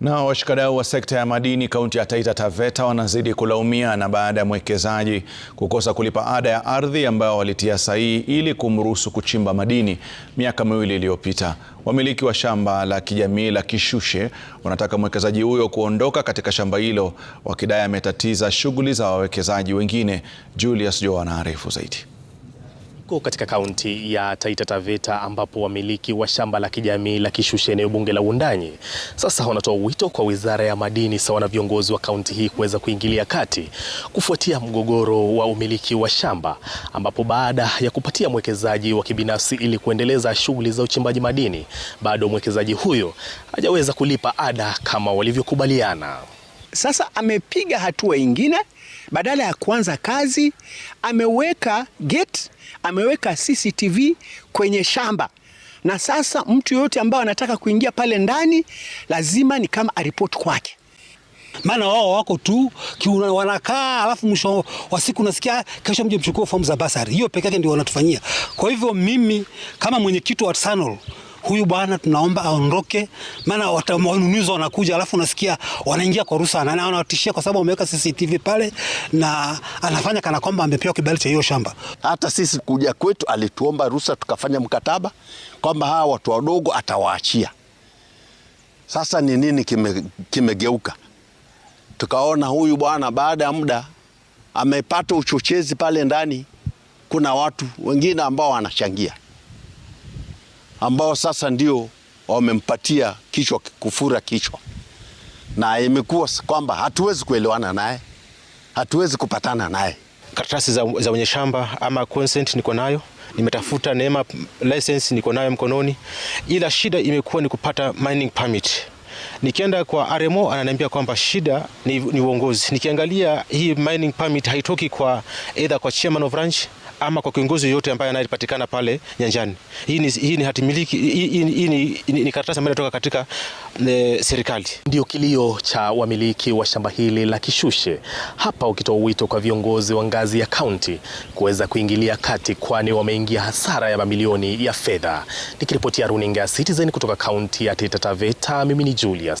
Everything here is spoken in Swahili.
Na washikadau wa sekta ya madini kaunti ya Taita Taveta wanazidi kulaumiana baada ya mwekezaji kukosa kulipa ada ya ardhi ambayo walitia sahihi ili kumruhusu kuchimba madini miaka miwili iliyopita. Wamiliki wa shamba la kijamii la Kishushe wanataka mwekezaji huyo kuondoka katika shamba hilo, wakidai ametatiza shughuli za wawekezaji wengine. Julius Joa anaarifu zaidi. Tuko katika kaunti ya Taita Taveta ambapo wamiliki wa shamba la kijamii la Kishushe eneo bunge la Wundanyi sasa wanatoa wito kwa wizara ya madini sawa na viongozi wa kaunti hii kuweza kuingilia kati kufuatia mgogoro wa umiliki wa shamba, ambapo baada ya kupatia mwekezaji wa kibinafsi ili kuendeleza shughuli za uchimbaji madini, bado mwekezaji huyo hajaweza kulipa ada kama walivyokubaliana. Sasa amepiga hatua ingine, badala ya kuanza kazi ameweka gate, ameweka CCTV kwenye shamba, na sasa mtu yoyote ambaye anataka kuingia pale ndani lazima ni kama aripoti kwake maana wao wako tu wanakaa, alafu mwisho wa siku nasikia kesho mje mchukue fomu za basari. Hiyo peke yake ndio wanatufanyia. Kwa hivyo mimi kama mwenyekiti wa Sanol huyu bwana tunaomba aondoke, maana wanunuzi wanakuja, alafu unasikia wanaingia kwa ruhusa na wanawatishia kwa sababu wameweka CCTV pale, na anafanya kana kwamba amepewa kibali cha hiyo shamba. Hata sisi kuja kwetu alituomba ruhusa, tukafanya mkataba kwamba hawa watu wadogo atawaachia. Sasa ni nini kimegeuka? Kime tukaona huyu bwana baada ya muda amepata uchochezi pale ndani. Kuna watu wengine ambao wanachangia ambao sasa ndio wamempatia kichwa kufura kichwa, na imekuwa kwamba hatuwezi kuelewana naye, hatuwezi kupatana naye. Karatasi za, za wenye shamba ama consent niko nayo, nimetafuta neema license niko nayo mkononi, ila shida imekuwa ni kupata mining permit Nikienda kwa RMO ananiambia kwamba shida ni, ni uongozi. Nikiangalia hii mining permit haitoki kwa either kwa chairman of ranch ama kwa kiongozi yoyote ambaye anayepatikana pale nyanjani. Hii ni hii ni hatimiliki, hii ni karatasi ambayo inatoka katika e, serikali. Ndio kilio cha wamiliki wa shamba hili la Kishushe, hapa ukitoa wito kwa viongozi wa ngazi ya kaunti kuweza kuingilia kati, kwani wameingia hasara ya mamilioni ya fedha. Nikiripotia runinga ya Citizen kutoka kaunti ya Taita Taveta, mimi ni Julius